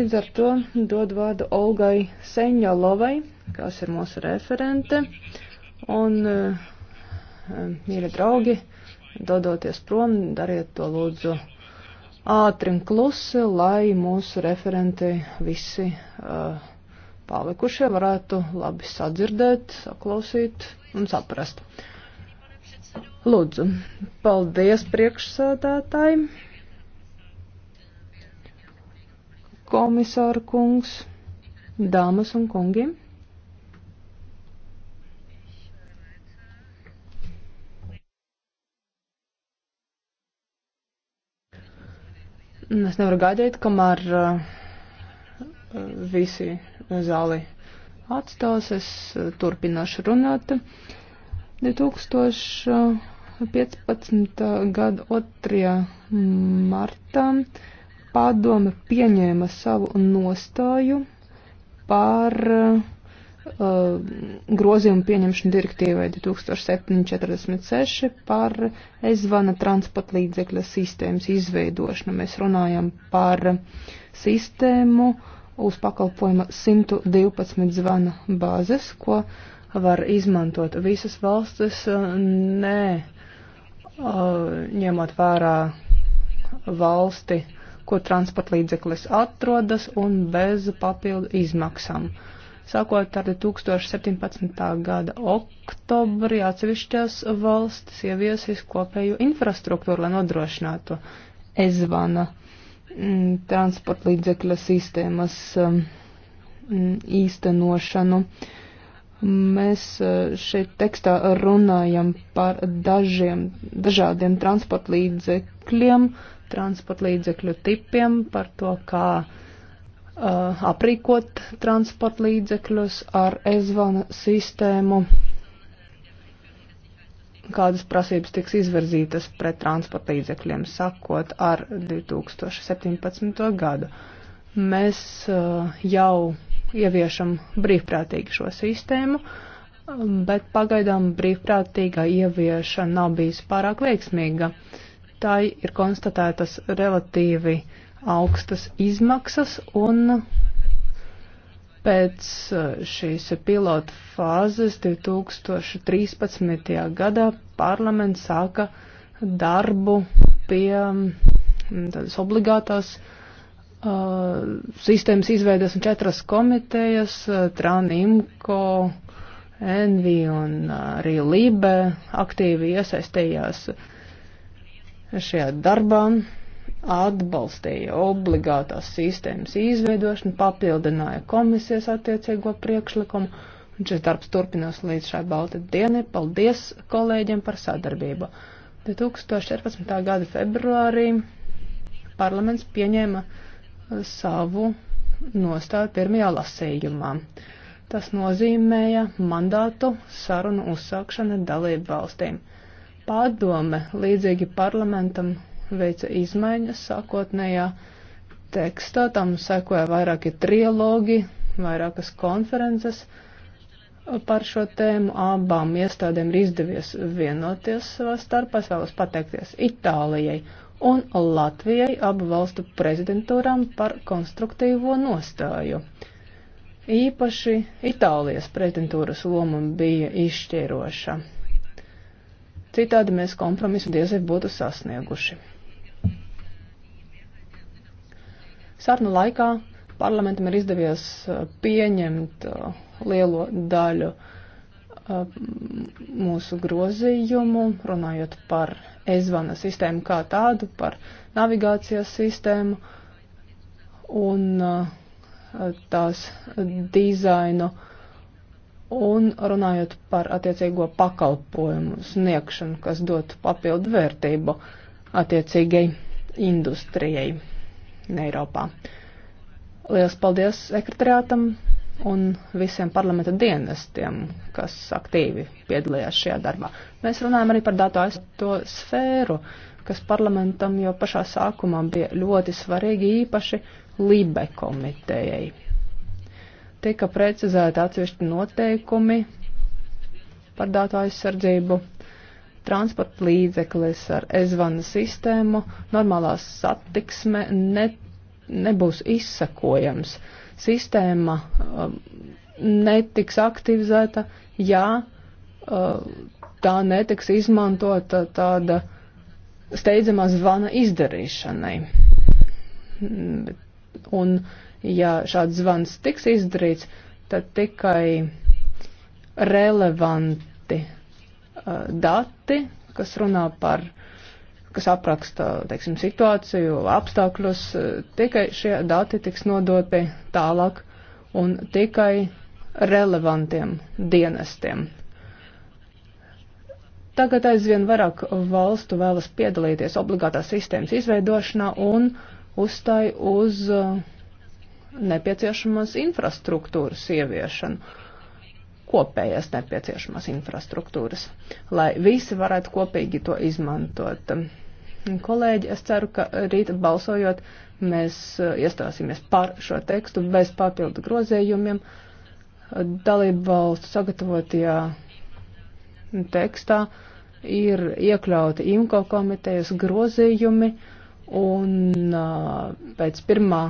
Līdz ar to dod vārdu Olgai Seņalovai, kas ir mūsu referente. Un, eh, eh, mīļi draugi, dodoties prom, dariet to lūdzu ātri un klusi, lai mūsu referenti visi uh, palikušie varētu labi sadzirdēt, saklausīt un saprast. Lūdzu, paldies priekšsādātājiem! komisāra kungs, dāmas un kungi. Es nevaru gaidīt, kamēr uh, visi zāli atstās. Es uh, turpināšu runāt. 2015. gada 2. martā padome pieņēma savu nostāju par uh, grozījumu pieņemšanu direktīvai 2746 par ezvana transporta līdzekļa sistēmas izveidošanu. Mēs runājam par sistēmu uz pakalpojuma 112 zvana bāzes, ko var izmantot visas valstis, nē, uh, ņemot vērā valsti kur transporta līdzeklis atrodas un bez papildu izmaksām. Sākot ar 2017. gada oktobri atsevišķas valstis ieviesīs kopēju infrastruktūru, lai nodrošinātu ezvana mm, transporta līdzekļa sistēmas mm, īstenošanu. Mēs mm, šeit tekstā runājam par dažiem, dažādiem transporta līdzekļiem, transporta līdzekļu tipiem, par to, kā uh, aprīkot transporta līdzekļus ar ezvanu sistēmu, kādas prasības tiks izvirzītas pret transporta līdzekļiem, sakot ar 2017. gadu. Mēs uh, jau ieviešam brīvprātīgi šo sistēmu, um, bet pagaidām brīvprātīgā ieviešana nav bijis pārāk veiksmīga. Uh, tai ir konstatētas relatīvi augstas izmaksas un pēc eh, šīs pilota fāzes 2013. gadā parlaments sāka darbu pie mm, tādas obligātās uh, sistēmas izveidas un četras komitejas uh, eh, - Tranimko, Envi un uh, arī Libe aktīvi iesaistījās uh, šajā darbā atbalstīja obligātās sistēmas izveidošanu, papildināja komisijas attiecīgo priekšlikumu, un šis darbs turpinās līdz šai balta dienai. Paldies kolēģiem par sadarbību. 2014. gada februārī parlaments pieņēma savu nostāju pirmajā lasējumā. Tas nozīmēja mandātu sarunu uzsākšanu dalību valstīm. Padome līdzīgi parlamentam veica izmaiņas sākotnējā tekstā, tam sekoja vairāki trilogi, vairākas konferences par šo tēmu. Abām iestādēm ir izdevies vienoties savā starpā. Es vēlos pateikties Itālijai un Latvijai abu valstu prezidentūrām par konstruktīvo nostāju. Īpaši Itālijas prezidentūras loma bija izšķiroša. Citādi mēs kompromisu diezai būtu sasnieguši. Sarnu laikā parlamentam ir izdevies uh, pieņemt uh, lielo daļu uh, mūsu grozījumu, runājot par ezvana sistēmu kā tādu, par navigācijas sistēmu un tās dizainu. Uh, Un runājot par attiecīgo pakalpojumu sniegšanu, kas dotu papildu vērtību attiecīgai industrijai Eiropā. Lielas paldies sekretariātam un visiem parlamenta dienestiem, kas aktīvi piedalījās šajā darbā. Mēs runājam arī par datu aizto sfēru, kas parlamentam jau pašā sākumā bija ļoti svarīgi īpaši Libe komitejai tika precizēti atsevišķi noteikumi par datu aizsardzību, transporta līdzeklis ar ezvana sistēmu, normālā satiksme ne, nebūs izsakojams. Sistēma um, netiks aktivizēta, ja uh, tā netiks izmantota tāda steidzamā zvana izdarīšanai. Mm, un Ja šāds zvans tiks izdarīts, tad tikai relevanti uh, dati, kas runā par, kas apraksta, teiksim, situāciju, apstākļus, uh, tikai šie dati tiks nodoti tālāk un tikai relevantiem dienestiem. Tagad aizvien vairāk valstu vēlas piedalīties obligātās sistēmas izveidošanā un uzstāj uz uh, nepieciešamas infrastruktūras ieviešanu, kopējas nepieciešamas infrastruktūras, lai visi varētu kopīgi to izmantot. Kolēģi, es ceru, ka rīta balsojot mēs uh, iestāsimies par šo tekstu bez papildu grozējumiem. Dalību valstu sagatavotajā tekstā ir iekļauti IMCO komitejas grozījumi un uh, pēc pirmā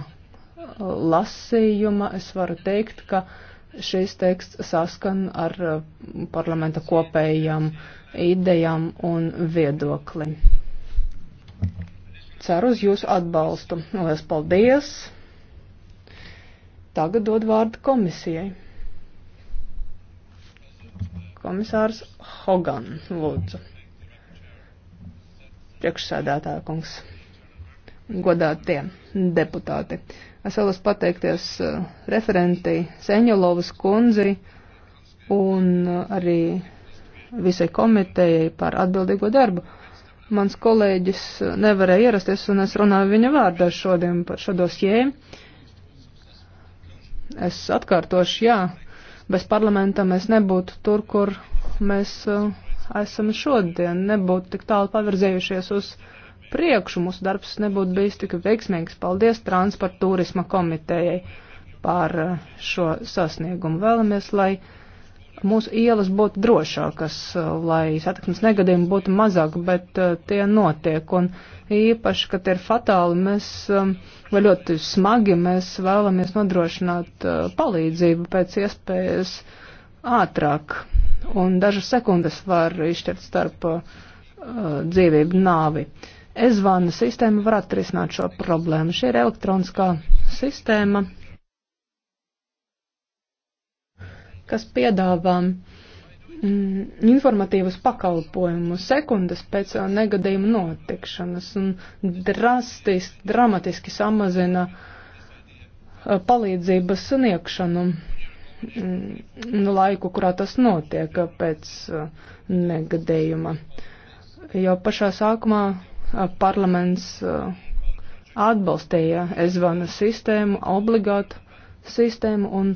lasījuma es varu teikt, ka šīs teksts saskan ar uh, parlamenta kopējām idejām un viedokli. Ceru uz jūsu atbalstu. Lielas paldies! Tagad dod vārdu komisijai. Komisārs Hogan, lūdzu. Priekšsēdētāja kungs godātie deputāti. Es vēlos pateikties eh, referentei Seņolovas kundzei un eh, arī visai komitejai par atbildīgo darbu. Mans kolēģis eh, nevarēja ierasties, un es runāju viņa vārdā šodien par šo dosjēju. Es atkārtošu, jā, bez parlamenta mēs nebūtu tur, kur mēs esam šodien, nebūtu tik tālu pavirzējušies uz uh, priekšu, mūsu darbs nebūtu bijis tik veiksmīgs. Paldies transporta turisma komitejai par eh, šo sasniegumu. Vēlamies, lai mūsu ielas būtu drošākas, eh, lai satiksmes negadījumi būtu mazāk, bet uh, tie notiek. Un īpaši, kad ir fatāli, mēs, um, vai ļoti smagi, mēs vēlamies nodrošināt uh, palīdzību pēc iespējas ātrāk. Un dažas sekundes var izšķirt starp uh, dzīvību nāvi. Uh, e-zvana sistēma var atrisināt šo problēmu. Šī ir elektroniskā sistēma, kas piedāvā mm, informatīvus pakalpojumus sekundes pēc negadījuma notikšanas un drastiski, dramatiski samazina eh, palīdzības sniegšanu mm, laiku, kurā tas notiek pēc eh, negadījuma. Jo pašā sākumā parlaments uh, atbalstīja ezvana sistēmu, obligātu sistēmu, un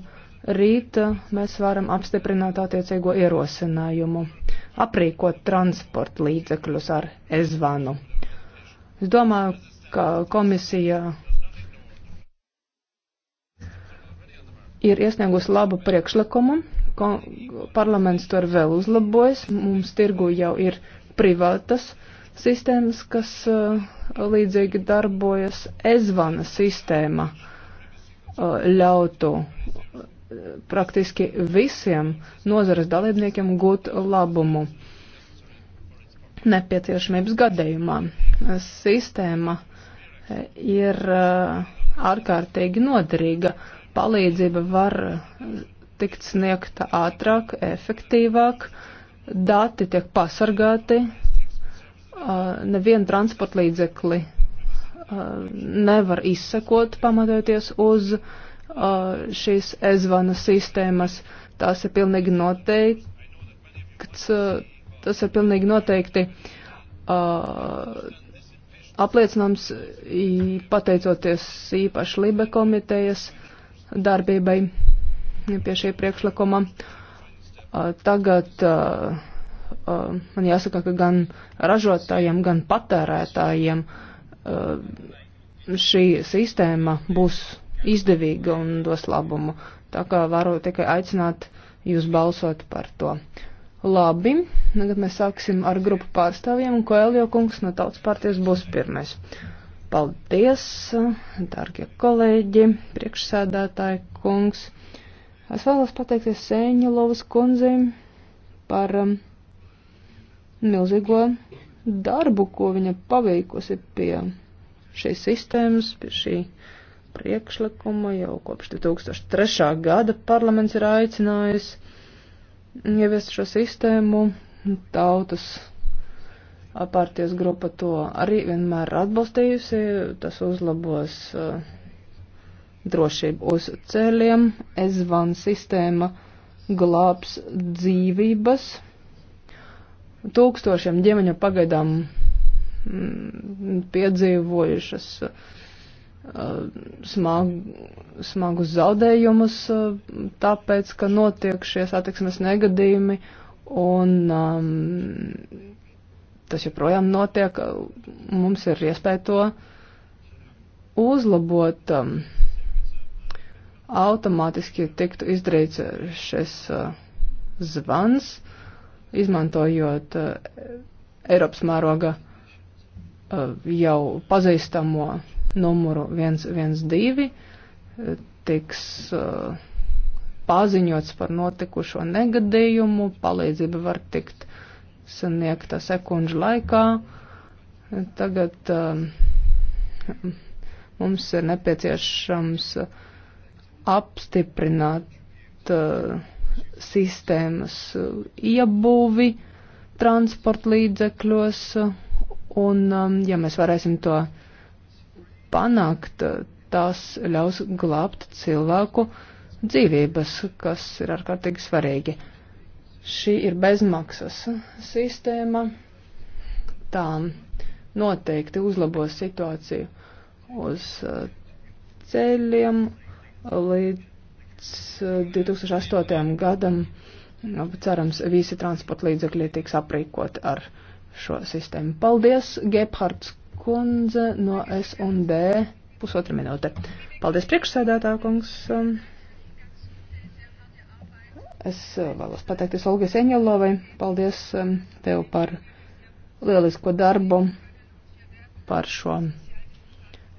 rīt uh, mēs varam apstiprināt attiecīgo ierosinājumu aprīkot transporta līdzekļus ar ezvanu. Es domāju, ka komisija ir iesniegusi labu priekšlikumu, parlaments to ir vēl uzlabojis, mums tirgu jau ir privātas uh, sistēmas, kas uh, līdzīgi darbojas ezvana sistēma uh, ļautu uh, praktiski visiem nozares dalībniekiem gūt labumu nepieciešamības gadījumā. Sistēma ir ārkārtīgi noderīga. Palīdzība var tikt sniegta ātrāk, efektīvāk, dati tiek pasargāti, Uh, nevienu transporta līdzekli uh, nevar izsekot pamatoties uz uh, šīs ezvana sistēmas. Tās ir pilnīgi noteikts, tas ir pilnīgi noteikti apliecināms pateicoties īpaši Libe komitejas darbībai pie šī priekšlikuma. Tagad uh, Uh, man jāsaka, ka gan ražotājiem, gan patērētājiem uh, šī sistēma būs izdevīga un dos labumu. Tā kā varu tikai aicināt jūs balsot par to. Labi, tagad mēs sāksim ar grupu pārstāvjiem, un Koelio kungs no tautas partijas būs pirmais. Paldies, dārgie kolēģi, priekšsēdētāji kungs. Es vēlos pateikties Sēņalovas kundzei par um, milzīgo darbu, ko viņa paveikusi pie šīs sistēmas, pie šī priekšlikuma jau kopš 2003. gada parlaments ir aicinājis ieviest šo sistēmu. Tautas apārties grupa to arī vienmēr atbalstījusi. Tas uzlabos uh, drošību uz ceļiem. Ezvan sistēma glābs dzīvības Tūkstošiem ģimeņu pagaidām mm, piedzīvojušas uh, smagu, smagus zaudējumus, uh, tāpēc, ka notiek šie satiksmes negadījumi, un um, tas joprojām notiek. Mums ir iespēja to uzlabot. Um, automātiski tiktu izdarīts šis uh, zvans izmantojot eh, Eiropas mēroga eh, jau pazīstamo numuru 112, eh, tiks paziņots par notikušo negadījumu, palīdzība var tikt sniegta sekundžu laikā. Tagad mums ir nepieciešams apstiprināt uh, sistēmas uh, iebūvi transporta līdzekļos, uh, un um, ja mēs varēsim to panākt, uh, tas ļaus glābt cilvēku dzīvības, kas ir ārkārtīgi svarīgi. Šī ir bezmaksas sistēma, tā noteikti uzlabos situāciju uz ceļiem līdz līdz uh, 2008. gadam, nu, cerams, visi transporta līdzekļi tiks aprīkot ar šo sistēmu. Paldies, Gebhards kundze no S&D, pusotra minūte. Paldies, priekšsēdētā kungs. Um, es uh, vēlos pateikties Olgas Eņelovai. Paldies um, tev par lielisko darbu, par šo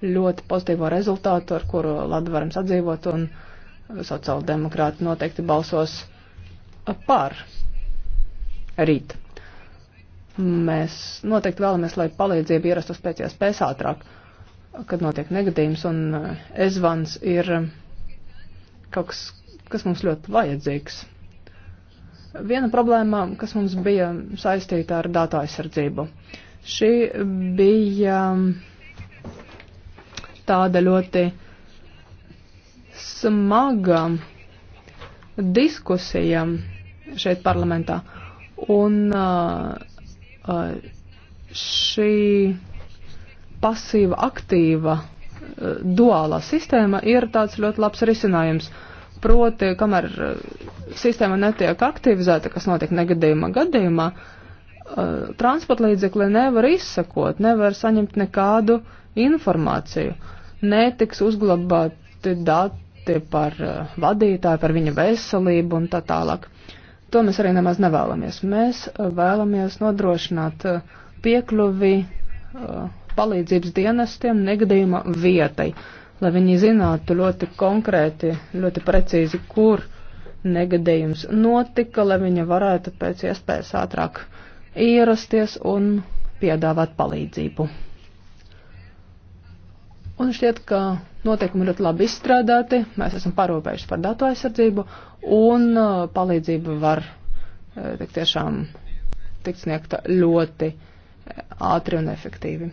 ļoti pozitīvo rezultātu, ar kuru Latvarams atdzīvot un sociāldemokrāti noteikti balsos par rīt. Mēs noteikti vēlamies, lai palīdzība ierastos pēc iespējas ātrāk, kad notiek negadījums, un ezvans ir kaut kas, kas mums ļoti vajadzīgs. Viena problēma, kas mums bija saistīta ar datu aizsardzību, šī bija tāda ļoti uh, smaga diskusija šeit parlamentā. Un uh, uh, šī pasīva aktīva uh, duālā sistēma ir tāds ļoti labs risinājums. Proti, kamēr sistēma netiek aktivizēta, kas notiek negadījuma gadījumā, transporta līdzekli nevar izsakot, nevar saņemt nekādu informāciju. Netiks uzglabāti dati slikti par eh, vadītāju, par viņa veselību un tā tālāk. To mēs arī nemaz nevēlamies. Mēs eh, vēlamies nodrošināt eh, piekļuvi palīdzības dienestiem negadījuma vietai, lai viņi zinātu ļoti konkrēti, ļoti precīzi, kur negadījums notika, lai viņi varētu pēc iespējas ātrāk ierasties un piedāvāt palīdzību. Un šķiet, ka noteikumi ļoti labi izstrādāti, mēs esam parūpējuši par datu aizsardzību, un uh, palīdzība var uh, tik tiešām tikt sniegta ļoti uh, ātri un efektīvi.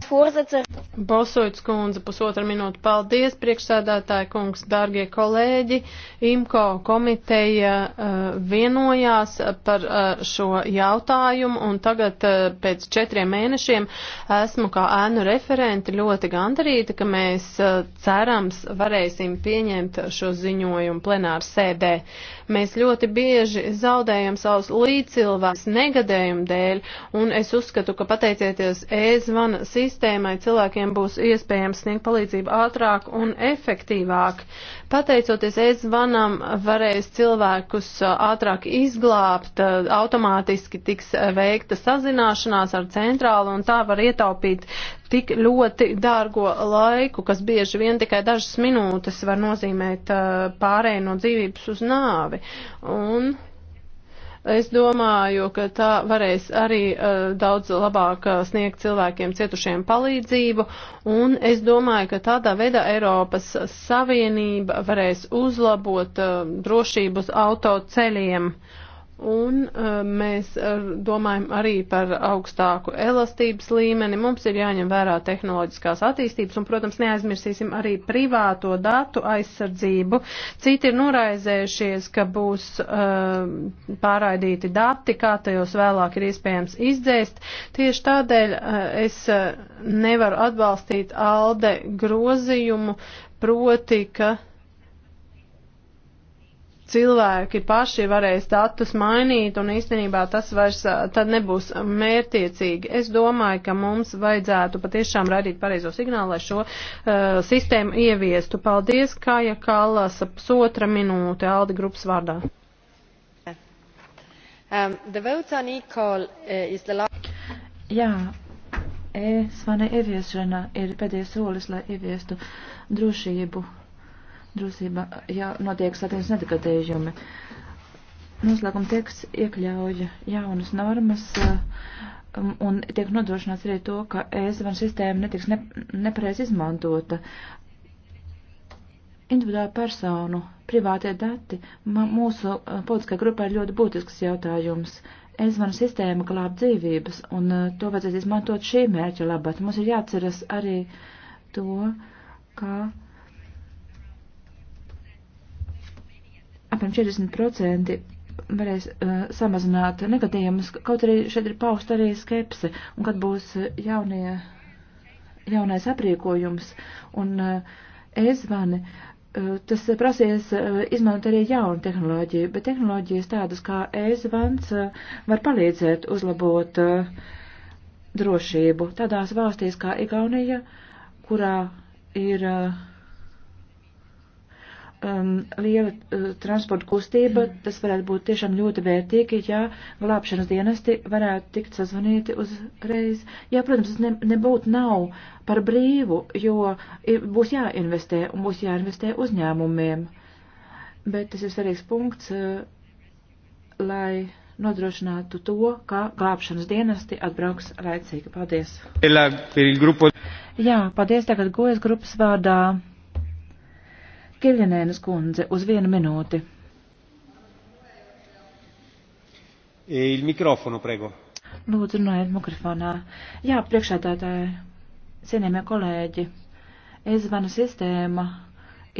Bosoits kundze, pusotra minūte. Paldies, priekšsēdētāja kungs, dārgie kolēģi. IMKO komiteja uh, vienojās par uh, šo jautājumu, un tagad uh, pēc četriem mēnešiem esmu kā ēnu referenti ļoti gandarīta, ka mēs cerams varēsim pieņemt šo ziņojumu plenāru sēdē. Uh, Mēs ļoti bieži zaudējam savus līdzcilvēkus negadējumu dēļ, un es uzskatu, ka pateicieties e-zvana sistēmai cilvēkiem būs iespējams sniegt palīdzību ātrāk un efektīvāk. Pateicoties e-zvanam, varēs cilvēkus ātrāk izglābt, automātiski tiks veikta sazināšanās ar centrālu un tā var ietaupīt tik ļoti dārgo laiku, kas bieži vien tikai dažas minūtes var nozīmēt pārēju no dzīvības uz nāvi. Un Es domāju, ka tā varēs arī uh, daudz labāk uh, sniegt cilvēkiem cietušiem palīdzību, un es domāju, ka tādā veidā Eiropas Savienība varēs uzlabot uh, eh, drošības autoceļiem. Uh, Un uh, mēs uh, domājam arī par augstāku elastības līmeni. Mums ir jāņem vērā tehnoloģiskās attīstības un, protams, neaizmirsīsim arī privāto datu aizsardzību. Citi ir noraizējušies, ka būs uh, pārraidīti dati, kā tajos vēlāk ir iespējams izdzēst. Tieši tādēļ uh, es uh, nevaru atbalstīt ALDE grozījumu, proti, ka cilvēki paši varēs status mainīt, un īstenībā tas vairs tad nebūs mērtiecīgi. Es domāju, ka mums vajadzētu patiešām radīt pareizo signālu, lai šo uh, sistēmu ieviestu. Paldies, Kāja Kallas, pusotra minūte Aldi grupas vārdā. Um, equal, uh, the... Jā, e-svana ieviešana ir pēdējais solis, lai ieviestu drošību Drusība, ja notiek satiekas netikatējumi. Noslēguma teksts iekļauj jaunas normas um, un tiek nodrošināts arī to, ka ēzvan e sistēma netiks ne, nepareiz izmantota. Individuāla personu privātie dati mūsu uh, politiskai grupai ir ļoti būtisks jautājums ezvanu sistēma glāb dzīvības, un uh, to vajadzēs izmantot šī mērķa labāk. Mums ir jāatceras arī to, ka apmēram 40% varēs uh, samazināt negadījumus, kaut arī šeit ir paust arī skepse, un kad būs uh, jaunie, jaunais aprīkojums un uh, e-zvani, uh, tas prasīs uh, izmantot arī jaunu tehnoloģiju, bet tehnoloģijas tādas kā e-zvans uh, var palīdzēt uzlabot uh, drošību tādās valstīs kā Igaunija, kurā ir uh, um, liela uh, transporta kustība, tas varētu būt tiešām ļoti vērtīgi, ja glābšanas dienesti varētu tikt sazvanīti uzreiz. Jā, protams, tas ne, nebūtu nav par brīvu, jo būs jāinvestē un būs jāinvestē uzņēmumiem. Bet tas ir svarīgs punkts, uh, lai nodrošinātu to, ka glābšanas dienesti atbrauks laicīgi. Paldies! Jā, paldies tagad gojas grupas vārdā. Kirjanēnas kundze uz vienu minūti. E il mikrofonu, prego. Lūdzu, runājiet mikrofonā. Jā, priekšādātāji, cienījamie kolēģi, e-zvana sistēma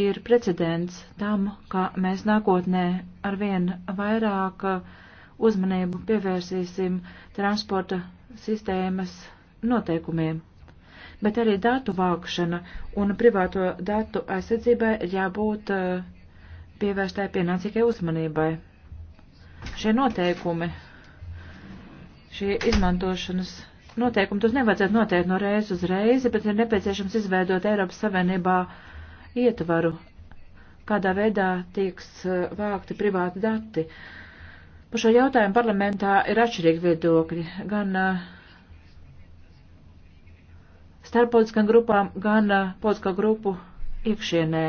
ir precedents tam, ka mēs nākotnē arvien vairāk uzmanību pievērsīsim transporta sistēmas noteikumiem bet arī datu vākšana un privāto datu aizsardzībai jābūt eh, pievērstai pienācīgai uzmanībai. Šie noteikumi, šie izmantošanas noteikumi, tos nevajadzētu noteikt no reizes uz reizi, bet ir nepieciešams izveidot Eiropas Savienībā ietvaru, kādā veidā tieks eh, vākti privāti dati. Par šo jautājumu parlamentā ir atšķirīgi viedokļi. Gan uh, starp politiskām grupām, gan politiskā grupu iekšienē.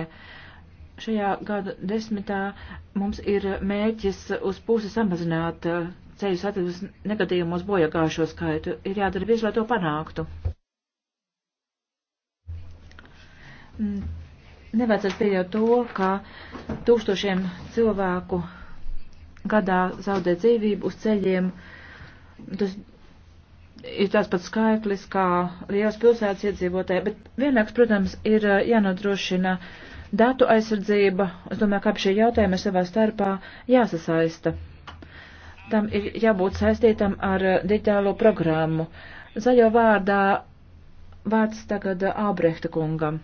Šajā gada desmitā mums ir mēķis uz pusi samazināt ceļu satiksmes negadījumos bojagājušo skaitu. Ir jādara visu, lai to panāktu. Mm, nevajadzētu pieļaut to, ka tūkstošiem cilvēku gadā zaudē dzīvību uz ceļiem. Tas ir tāds pats skaitlis kā liels pilsētas iedzīvotāji, bet vienlaiks, protams, ir eh, jānodrošina datu aizsardzība. Es domāju, ka ap šie jautājumi savā starpā jāsasaista. Tam ir jābūt saistītam ar eh, digitālo programmu. Zaļo vārdā vārds tagad Ābrehta eh, kungam.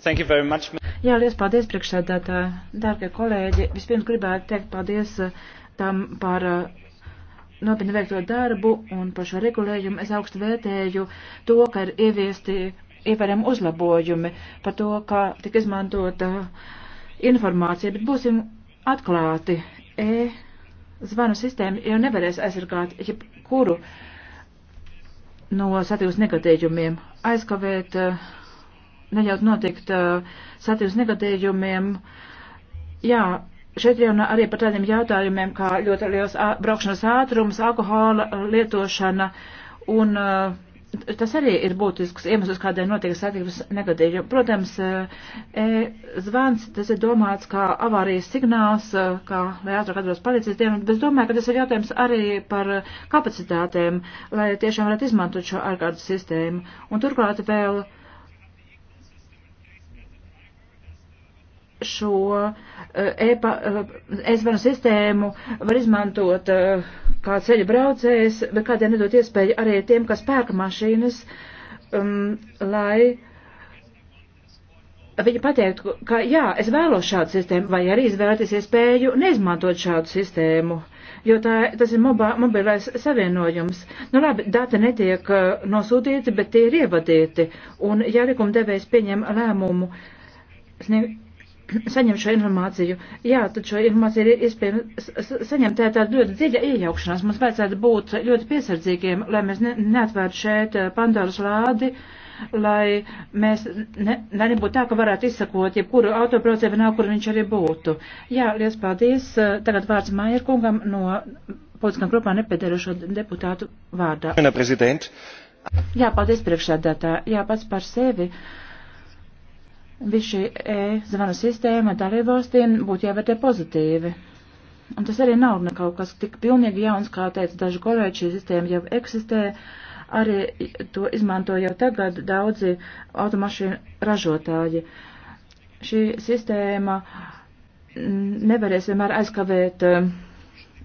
Thank you very much. Jā, liels paldies priekšsēdētāji. Dārgie kolēģi, vispirms gribētu teikt paldies tam par uh, nopietni veikto darbu un par šo regulējumu es augstu vērtēju to, ka ir ieviesti ievērēm uzlabojumi par to, kā tik izmantota informācija, bet būsim atklāti. E zvanu sistēma jau nevarēs aizsargāt jebkuru no satīvas negadījumiem, aizkavēt, neļaut notikt uh, satīvas negadījumiem. Jā, šeit jārunā arī par tādiem jautājumiem, kā ļoti liels braukšanas ātrums, alkohola lietošana, un tas arī ir būtisks iemesls, kādēļ notiek satiksmes negadījumi. Protams, e, zvans, tas ir domāts kā avārijas signāls, kā lai ātrāk atbrauc policijas dienas, bet es domāju, ka tas ir jautājums arī par kapacitātēm, lai tiešām varētu izmantot šo ārkārtas sistēmu. Un turklāt vēl. Uh, šo e-zvanu eh, e eh, sistēmu var izmantot eh, kā ceļa braucējs, bet kādiem nedot iespēju arī tiem, kas pērka mašīnas, um, lai viņi pateiktu, ka jā, es vēlos šādu sistēmu, vai arī izvēlēties iespēju neizmantot šādu sistēmu. Jo tā, tas ir mobā, mobilais savienojums. Nu labi, dati netiek nosūtīti, bet tie ir ievadīti. Un ja likumdevējs pieņem lēmumu, sniegt saņem šo informāciju. Jā, tad šo informāciju ir iespējams saņemt. Tā ir tāda ļoti dziļa iejaukšanās. Mums vajadzētu būt ļoti piesardzīgiem, lai mēs ne, neatvērtu šeit eh, Pandoras lādi, lai mēs ne, lai nebūtu tā, ka varētu izsakot jebkuru autobraucēju nav, kur viņš arī būtu. Jā, liels paldies. Tagad vārds Maier kungam no politiskām grupām nepiedarošo deputātu vārdā. Jā, paldies priekšsēdētā. Jā, pats par sevi. Uh, Viss šī e-zvanu sistēma dalībvalstīm būtu jāvērtē pozitīvi. Un tas arī nav kaut kas tik pilnīgi jauns, kā teica daži kolēģi, šī sistēma jau eksistē, arī to izmanto jau tagad daudzi automašīnu ražotāji. Šī sistēma nevarēs vienmēr aizkavēt uh,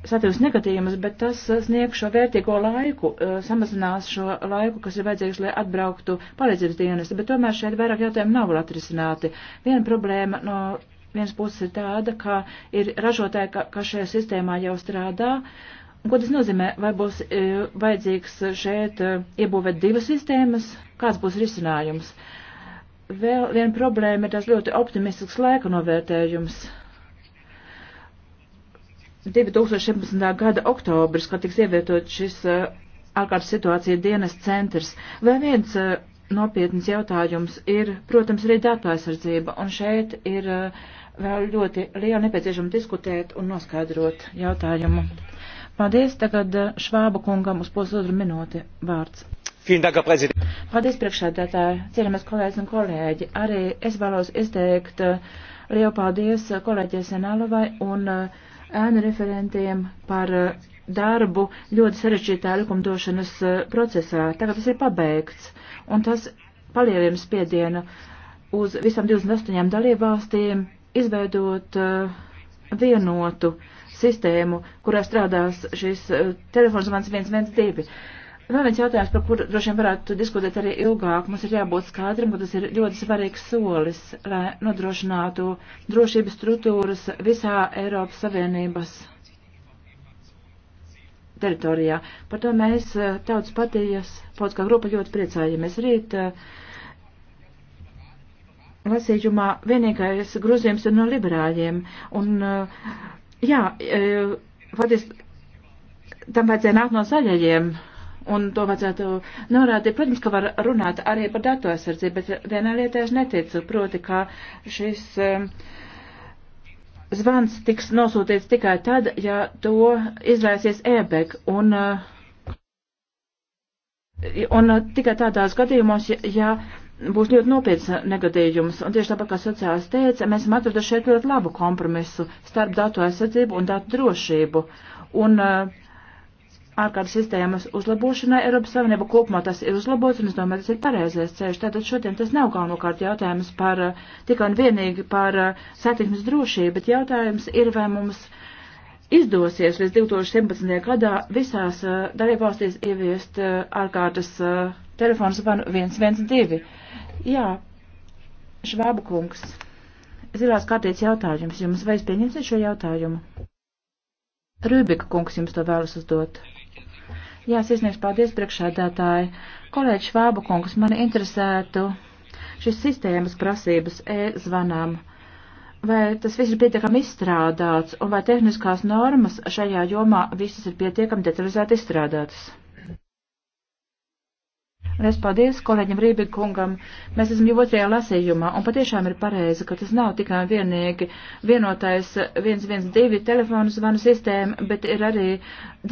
satīvas negadījumus, bet tas sniegš šo vērtīgo laiku, eh, samazinās šo laiku, kas ir vajadzīgs, lai atbrauktu palīdzības dienesti, bet tomēr šeit vairāk jautājumu nav atrisināti. Viena problēma no vienas puses ir tāda, ka ir ražotāji, ka, ka šajā sistēmā jau strādā. Ko tas nozīmē? Vai būs e, vajadzīgs šeit e, iebūvēt divas sistēmas? Kāds būs risinājums? Vēl viena problēma ir tas ļoti optimistisks laika novērtējums 2017. gada oktobris, kad tiks ievietot šis eh, ārkārtas situācija dienas centrs. Vēl viens eh, nopietns jautājums ir, protams, arī datu aizsardzība, un šeit ir eh, vēl ļoti liela nepieciešama diskutēt un noskaidrot jautājumu. Paldies, tagad Švāba kungam uz pusotru minūti vārds. Paldies, priekšsēdētāji, cienījamies kolēģis un kolēģi. Arī es vēlos izteikt lielu paldies kolēģies Senalovai un uh, ēnu referentiem par eh, darbu ļoti sarežģītā likumdošanas eh, procesā. Tagad tas ir pabeigts, un tas palielina spiedienu uz visām 28 dalībvalstīm izveidot eh, vienotu sistēmu, kurā strādās šis telefons mans 112. Vēl viens jautājums, par kuru droši vien varētu diskutēt arī ilgāk. Mums ir jābūt skaidram, ka tas ir ļoti svarīgs solis, lai nodrošinātu drošības struktūras visā Eiropas Savienības teritorijā. Par to mēs eh, tautas patijas politiskā grupa ļoti priecājamies. Rīt eh, lasījumā vienīgais grozījums ir no liberāļiem. Un, eh, jā, faktiski tam vajadzēja nākt no zaļajiem un to vajadzētu norādīt. Nu, protams, ka var runāt arī par datu aizsardzību, bet vienā lietā es neticu, proti, ka šis zvans tiks nosūtīts tikai tad, ja to izraisīs ebek un e, Un tikai tādās gadījumos, ja, ja būs ļoti nopietns negadījums, un tieši tāpat kā sociāls teica, mēs esam atraduši šeit ļoti labu kompromisu starp datu aizsardzību un datu drošību. Un uh, ārkārtas sistēmas uzlabošanai Eiropas Savienība kopumā tas ir uzlabots, un es domāju, tas ir pareizais ceļš. Tātad šodien tas nav galvenokārt jautājums par eh, tikai un vienīgi par eh, satiksmes drošību, bet jautājums ir, vai mums izdosies līdz 2017. gadā visās uh, dalībvalstīs ieviest uh, ārkārtas uh, telefonu zvanu 112. Jā, Švābu kungs, zilās kārtības jautājums, jums vai es pieņemsiet šo jautājumu? Rībika kungs jums to vēlas uzdot. Jā, sirsnieks, paldies priekšsēdētāji. Kolēģi Švāba kungs, mani interesētu šis sistēmas prasības e-zvanām. Vai tas viss ir pietiekami izstrādāts un vai tehniskās normas šajā jomā visas ir pietiekami detalizēti izstrādātas? Es paldies kolēģim Rībikungam. Mēs esam jau otrajā lasījumā, un patiešām ir pareizi, ka tas nav tikai vienīgi vienotais 112 telefonu zvanu sistēma, bet ir arī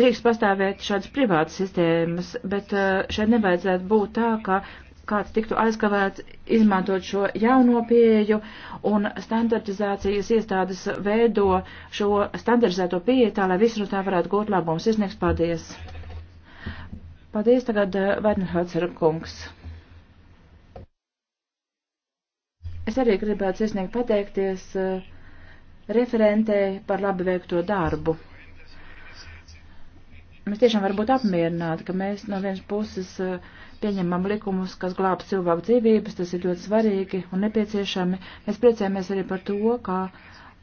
drīkst pastāvēt šādas privātas sistēmas, bet uh, šeit nevajadzētu būt tā, ka kāds tiktu aizkavēts izmantot šo jauno pieeju, un standartizācijas iestādes veido šo standartizēto pieeju tā, lai visi no tā varētu gūt labumus. Izniegs paldies! Paldies tagad Vērnhācer eh, kungs. Es arī gribētu iesniegt pateikties eh, referentei par labi veikto darbu. Mēs tiešām varam būt apmierināti, ka mēs no vienas puses eh, pieņemam likumus, kas glābs cilvēku dzīvības, tas ir ļoti svarīgi un nepieciešami. Mēs priecājamies arī par to, ka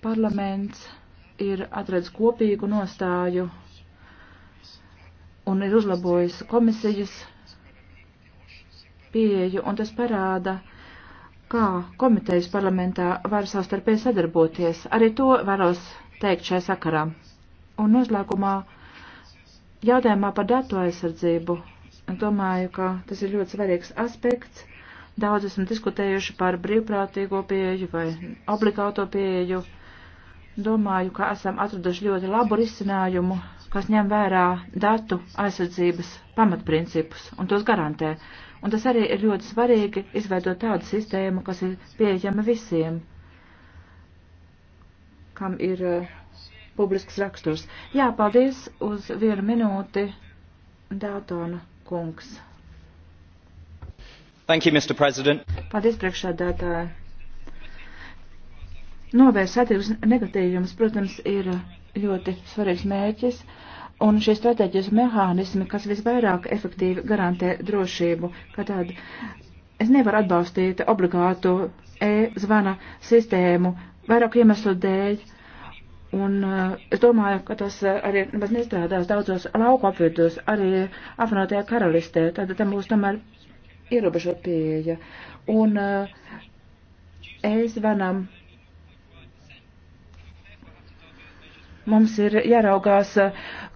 parlaments ir atradis kopīgu nostāju un ir uzlabojis komisijas pieeju, un tas parāda, kā komitejas parlamentā var savstarpēji sadarboties. Arī to varos teikt šajā sakarā. Un noslēgumā jautājumā par datu aizsardzību. Domāju, ka tas ir ļoti svarīgs aspekts. Daudz esam diskutējuši par brīvprātīgo pieeju vai obligāto pieeju. Domāju, ka esam atraduši ļoti labu risinājumu kas ņem vērā datu aizsardzības pamatprincipus un tos garantē. Un tas arī ir ļoti svarīgi izveidot tādu sistēmu, kas ir pieejama visiem, kam ir uh, publisks raksturs. Jā, paldies uz vienu minūti, Dātona kungs. Thank you, Mr. President. Paldies, priekšsēdētāji. Novērst attīstības negatīvums, protams, ir ļoti svarīgs mērķis. Un šie strateģijas mehānismi, kas visvairāk efektīvi garantē drošību, ka tāda es nevaru atbalstīt obligātu e-zvana sistēmu vairāk iemeslu dēļ. Un uh, es domāju, ka tas eh, arī nemaz nestrādās daudzos lauku apvidos, arī apvienotajā karalistē. Tad tam būs tomēr ierobežot pieeja. Un uh, e-zvanam Mums ir jāraugās, eh,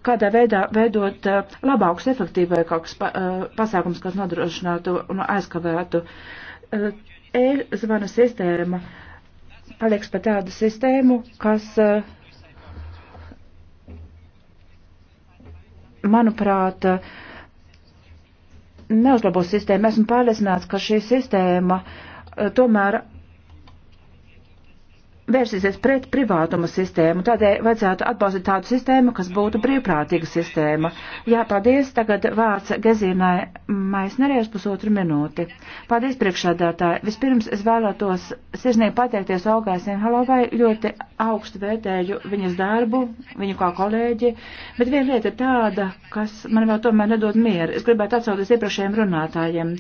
kādā veidā veidot eh, labākus, efektīvākus eh, pasākums, kas nodrošinātu un aizkavētu. E-zvana sistēma paliks par tādu sistēmu, kas, manuprāt, neuzlabos sistēmu. Esmu pārliecināts, ka šī sistēma tomēr vērsīsies pret privātuma sistēmu, tādēļ vajadzētu atbalstīt tādu sistēmu, kas būtu brīvprātīga sistēma. Jā, paldies, tagad vārds Gezīnai Maisnerijas pusotru minūti. Paldies, priekšādātāji. Vispirms es vēlētos sirsnīgi pateikties Olgai Senhalovai, ļoti augstu vērtēju viņas darbu, viņu kā kolēģi, bet viena lieta ir tāda, kas man vēl tomēr nedod mieru. Es gribētu atsauties iepriekšējiem runātājiem.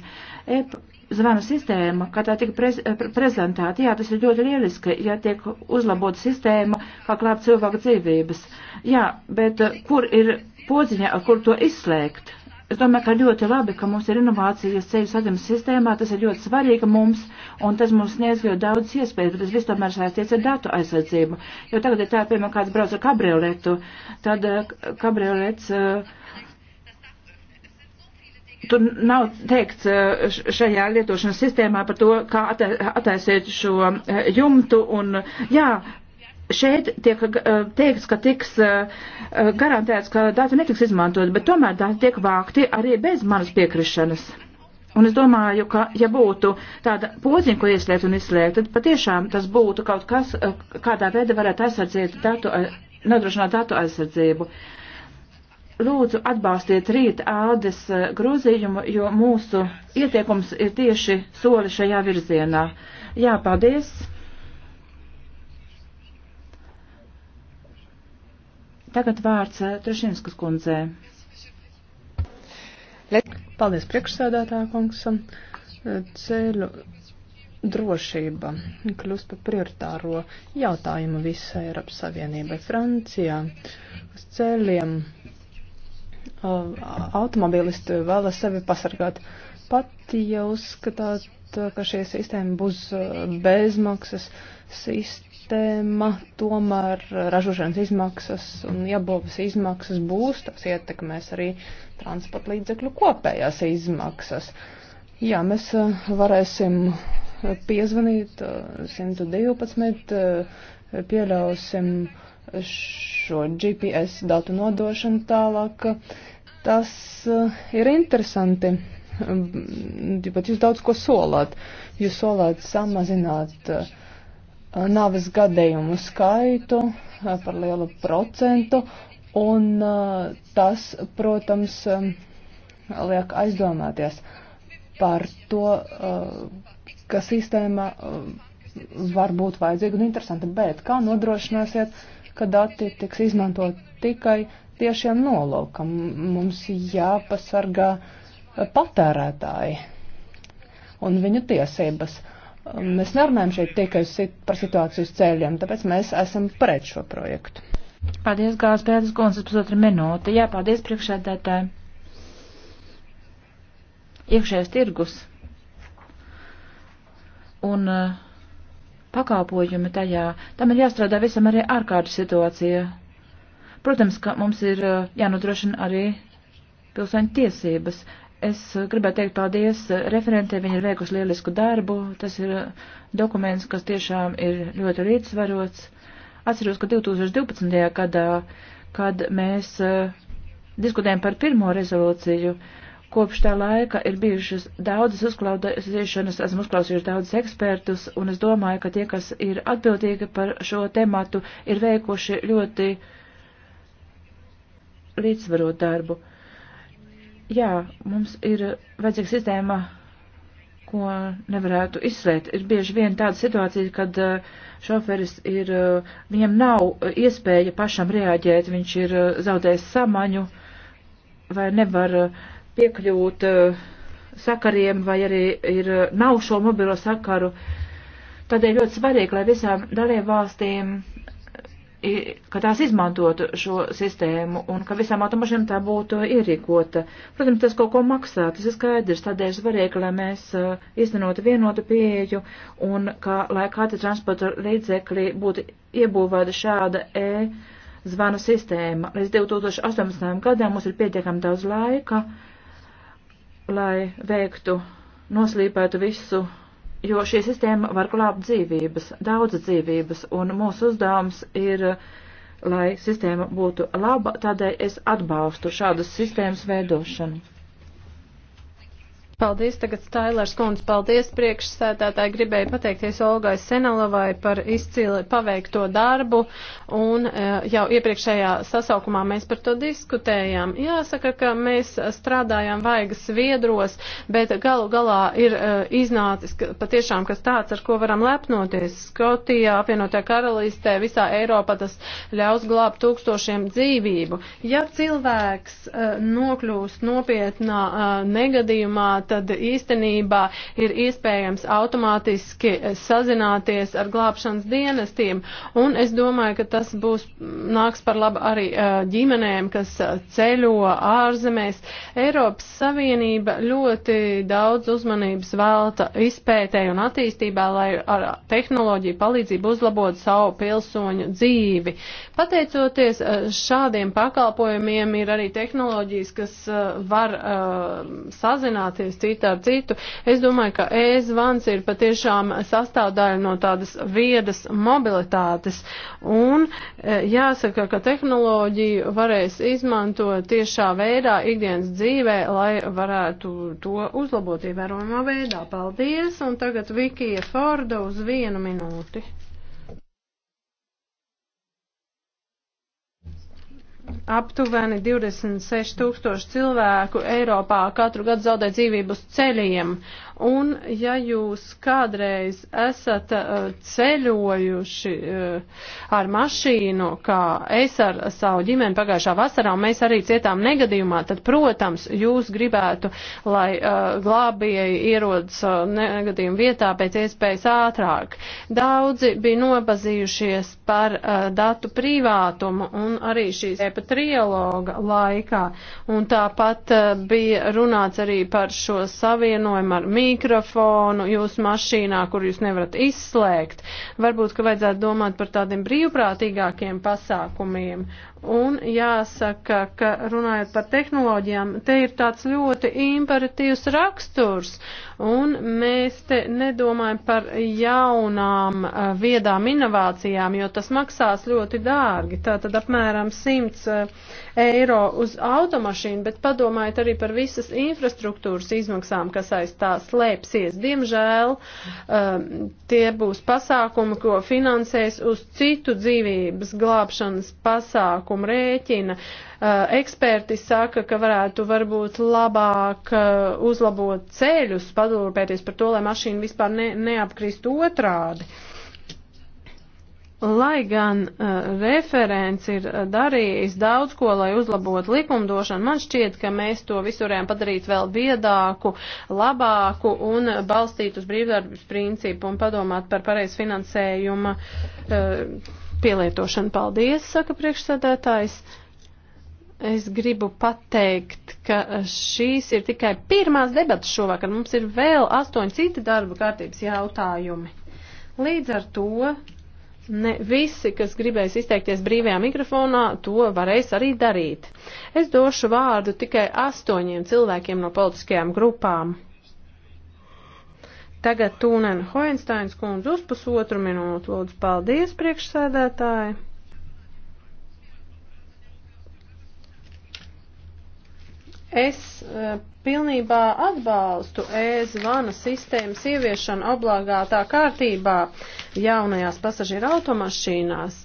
Ep zvana sistēma, kā tā tika prez, eh, prezentēta, jā, tas ir ļoti lieliski, ja tiek uzlabota sistēma, kā klāpt cilvēku dzīvības. Jā, bet eh, kur ir podziņa, kur to izslēgt? Es domāju, ka ļoti labi, ka mums ir inovācijas ceļu sadimas sistēmā, tas ir ļoti svarīgi mums, un tas mums sniedz ļoti daudz iespēju, bet tas viss tomēr saistīts ar datu aizsardzību. Jo tagad ir tā, piemēram, kāds brauc ar kabrioletu, tad eh, kabriolets. Uh, Tur nav teikts eh, šajā lietošanas sistēmā par to, kā attaisīt šo eh, jumtu. Un, jā, šeit tiek eh, teikts, ka tiks garantēts, ka dati netiks izmantot, bet tomēr dati tiek vākti arī bez manas piekrišanas. Un es domāju, ka ja būtu tāda podziņa, ko ieslēgt un izslēgt, tad patiešām tas būtu kaut kas, kādā veidā varētu aizsardzīt datu, nodrošināt datu aizsardzību. Uh, Lūdzu, atbalstiet rīt ādes eh, grozījumu, jo mūsu ieteikums ir tieši soli šajā virzienā. Jā, paldies. Tagad vārds eh, Trešinskas kundzē. Paldies, priekšsēdētā kungs. Ceļu drošība kļūst par prioritāro jautājumu visai Eiropas Savienībai. Francijā uz ceļiem Uh, automobilisti vēlas sevi pasargāt. Pat ja uzskatāt, uh, ka šī sistēma būs uh, bezmaksas sistēma, tomēr ražošanas izmaksas un iebūves izmaksas būs, tas ietekmēs arī transporta līdzekļu kopējās izmaksas. Jā, mēs varēsim piezvanīt 112, pieļausim šo GPS datu nodošanu tālāk. Tas eh, ir interesanti, hm, bet jūs daudz ko solāt. Jūs solāt samazināt eh, navas gadījumu skaitu eh, par lielu procentu, un tas, protams, liek aizdomāties par to, ka sistēma var būt vajadzīga un interesanta, bet kā nodrošināsiet ka dati tiks izmantot tikai tiešiem nolūkam. Mums jāpasargā patērētāji un viņu tiesības. Mēs nerunājam šeit tikai par situāciju uz ceļiem, tāpēc mēs esam pret šo projektu. Paldies, Gāls Pēters Gonsas, pusotra minūte. Jā, paldies priekšēdētāji. Iekšējais tirgus. Un uh, pakāpojumi tajā. Tam ir jāstrādā visam arī ārkārtas situācija. Protams, ka mums ir uh, jānodrošina arī pilsoņu tiesības. Es uh, gribētu teikt paldies uh, referentē, viņi ir veikuši lielisku darbu, tas ir dokuments, kas tiešām ir ļoti līdzsvarots. Atceros, ka 2012. gadā, kad mēs diskutējām par pirmo rezolūciju, uh, Kopš tā laika ir bijušas daudzas uzklausīšanas, esmu uzklausījuši daudzus ekspertus, un es domāju, ka tie, kas ir atbildīgi par šo tematu, ir veikuši ļoti līdzsvarot darbu. Jā, mums ir vajadzīga sistēma, ko nevarētu izslēgt. Ir bieži vien tāda situācija, kad uh, šoferis ir, uh, viņam nav uh, iespēja pašam reaģēt, viņš ir zaudējis samaņu vai nevar uh, piekļūt eh, sakariem vai arī ir, eh, nav šo mobilo sakaru. Tādēļ ļoti svarīgi, lai visām dalībvalstīm, ka tās izmantotu šo sistēmu un ka visām automašīnām tā būtu ierīkota. Protams, tas kaut ko maksā, tas ir skaidrs, tādēļ svarīgi, lai mēs eh, īstenotu vienotu pieeju un ka, lai kāda transporta līdzekļi būtu iebūvēta šāda e zvanu sistēma. Līdz 2018. gadam mums ir pietiekami daudz laika, lai veiktu, noslīpētu visu, jo šī sistēma var glābt dzīvības, daudz dzīvības, un mūsu uzdevums ir, lai sistēma būtu laba, tādēļ es atbalstu šādas sistēmas veidošanu. Paldies, tagad Stailers kundze, paldies priekšsētātāji, gribēju pateikties Olgai Senalovai par izcili paveikto darbu, un e, jau iepriekšējā sasaukumā mēs par to diskutējām. Jāsaka, ka mēs strādājām vaigas viedros, bet galu galā ir e, iznācis ka, patiešām kas tāds, ar ko varam lepnoties. Skotijā, apvienotā karalistē, visā Eiropā tas ļaus glābt tūkstošiem dzīvību. Ja cilvēks e, nokļūst nopietnā negadījumā, tad īstenībā ir iespējams automātiski sazināties ar glābšanas dienestiem. Un es domāju, ka tas būs nāks par labu arī ģimenēm, kas ceļo ārzemēs. Eiropas Savienība ļoti daudz uzmanības velta izpētē un attīstībā, lai ar tehnoloģiju palīdzību uzlabotu savu pilsoņu dzīvi. Pateicoties šādiem pakalpojumiem ir arī tehnoloģijas, kas var uh, sazināties citu ar citu. Es domāju, ka e-zvans ir patiešām sastāvdaļa no tādas viedas mobilitātes. Un e, jāsaka, ka tehnoloģiju varēs izmantot tiešā veidā ikdienas dzīvē, lai varētu to uzlabot ievērojumā veidā. Paldies! Un tagad Vikija Forda uz vienu minūti. aptuveni 26 tūkstoši cilvēku Eiropā katru gadu zaudē dzīvību uz ceļiem, Un ja jūs kādreiz esat uh, ceļojuši uh, ar mašīnu, kā es ar savu ģimeni pagājušā vasarā, un mēs arī cietām negadījumā, tad, protams, jūs gribētu, lai uh, glābieji ierodas uh, negadījuma vietā pēc iespējas ātrāk. Daudzi bija nobazījušies par uh, datu privātumu un arī šīs epa trialoga laikā. Un tāpat uh, bija runāts arī par šo savienojumu ar mīlestību mikrofonu jūsu mašīnā, kur jūs nevarat izslēgt. Varbūt, ka vajadzētu domāt par tādiem brīvprātīgākiem pasākumiem. Un jāsaka, ka runājot par tehnoloģijām, te ir tāds ļoti imperatīvs raksturs. Un mēs te nedomājam par jaunām eh, viedām inovācijām, jo tas maksās ļoti dārgi. Tātad apmēram 100 eh, eiro uz automašīnu, bet padomājiet arī par visas infrastruktūras izmaksām, kas aiz tā slēpsies. Diemžēl eh, tie būs pasākumi, ko finansēs uz citu dzīvības glābšanas pasākumu rēķina. Uh, Uh, eksperti saka, ka varētu varbūt labāk uh, uzlabot ceļus, padurpēties par to, lai mašīna vispār ne, neapkrist otrādi. Lai gan uh, referents ir uh, darījis daudz ko, lai uzlabotu likumdošanu, man šķiet, ka mēs to visu varējām padarīt vēl biedāku, labāku un balstīt uz brīvdarbības principu un padomāt par pareiz finansējuma uh, pielietošanu. Paldies, saka priekšsēdētājs. Uh, Es gribu pateikt, ka šīs ir tikai pirmās debatas šovakar. Mums ir vēl astoņi citi darba kārtības jautājumi. Līdz ar to ne visi, kas gribēs izteikties brīvajā mikrofonā, to varēs arī darīt. Es došu vārdu tikai astoņiem cilvēkiem no politiskajām grupām. Tagad Tūnen Hoensteins kundze uz pusotru minūtu. Lūdzu, paldies priekšsēdētāji! Es uh, pilnībā atbalstu e-zvana sistēmas ieviešanu obligātā kārtībā jaunajās pasažieru automašīnās.